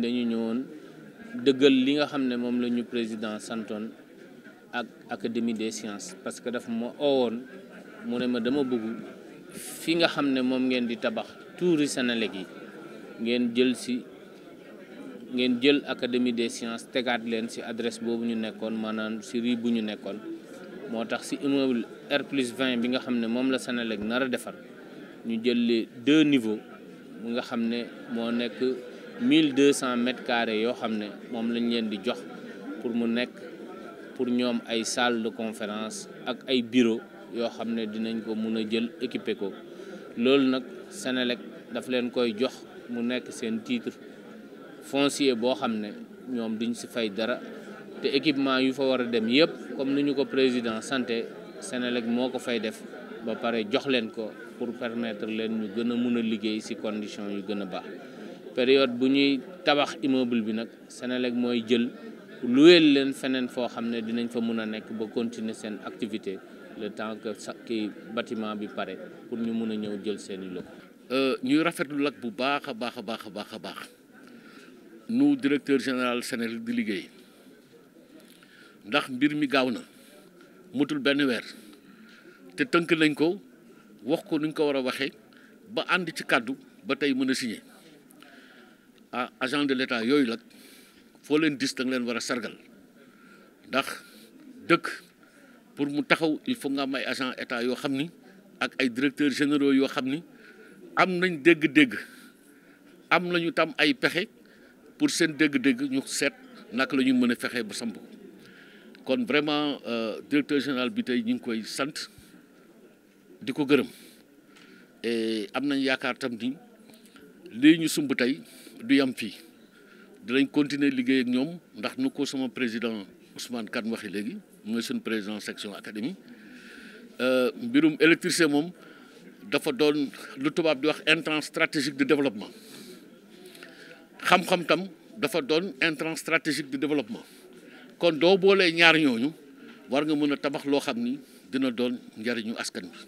dañu ñëwoon dëggal li nga xam ne moom lañu président santoon ak académie des sciences parce que dafa ma oowoon mu ne ma dama bëggu fi nga xam ne moom ngeen di tabax tuuri Senelec yi ngeen jël si ngeen jël académie des sciences tegaat leen ci adresse boobu ñu nekkoon maanaam si rue bu ñu nekkoon moo tax si immeuble R plus bi nga xam ne moom la Senelec nar a defar ñu jël les deux niveaux mu nga xam ne moo nekk 1200 mètres carrés yoo xam ne moom lañ leen di jox pour mu nekk pour ñoom ay salle de conférence ak ay bureau yoo xam ne dinañ ko mun a jël équiper ko loolu nag seneleg daf leen koy jox mu nekk seen titre foncier boo xam ne ñoom duñ si fay dara te équipement yu fa war a dem yëpp comme ni ñu ko président santé seneleg moo ko fay def ba pare jox leen ko pour permettre leen ñu gën a mun a liggéey ci condition yu gën a baax période bu ñuy tabax immeuble bi nag Senelec mooy jël luweel leen feneen foo xam ne dinañ fa mun a nekk ba continuer seen activité le temps que sa kii bâtiment bi pare pour ñu mun a ñëw jël seeni i locaux. Euh, ñuy rafetlu nag bu baax a baax a baax a baax a baax nu directeur général Senelec di liggéey. ndax mbir mi gaaw na motul benn weer te tënk nañ ko wax ko nuñ ko war a waxee ba ànd ci kàddu ba tey mën a signé ah agent de l'État yooyu nag foo leen dis da leen war a sargal ndax dëkk pour mu taxaw il faut nga am ay agent état yoo xam ni ak ay directeurs généraux yoo xam ni am nañ dégg-dégg am nañu tam ay pexe pour seen dégg-dégg ñu seet naka lañuy ñu mën a fexe ba samp kon vraiment euh, directeur général bi tey ñu ngi koy sant di ko gërëm am nañ yaakaar tam ni lii ñu sumb tey du yam fii dinañ continuer liggéey ak ñoom ndax nu ko sama président Ousmane Kane waxi léegi mooy seen président section académie euh, mbirum électricité moom dafa doon lu tubaab di wax intrant stratégique de développement xam-xam tam dafa doon intrant stratégique de développement kon doo boole ñaar ñooñu war nga mën a tabax loo xam ni dina doon njariñu askan bi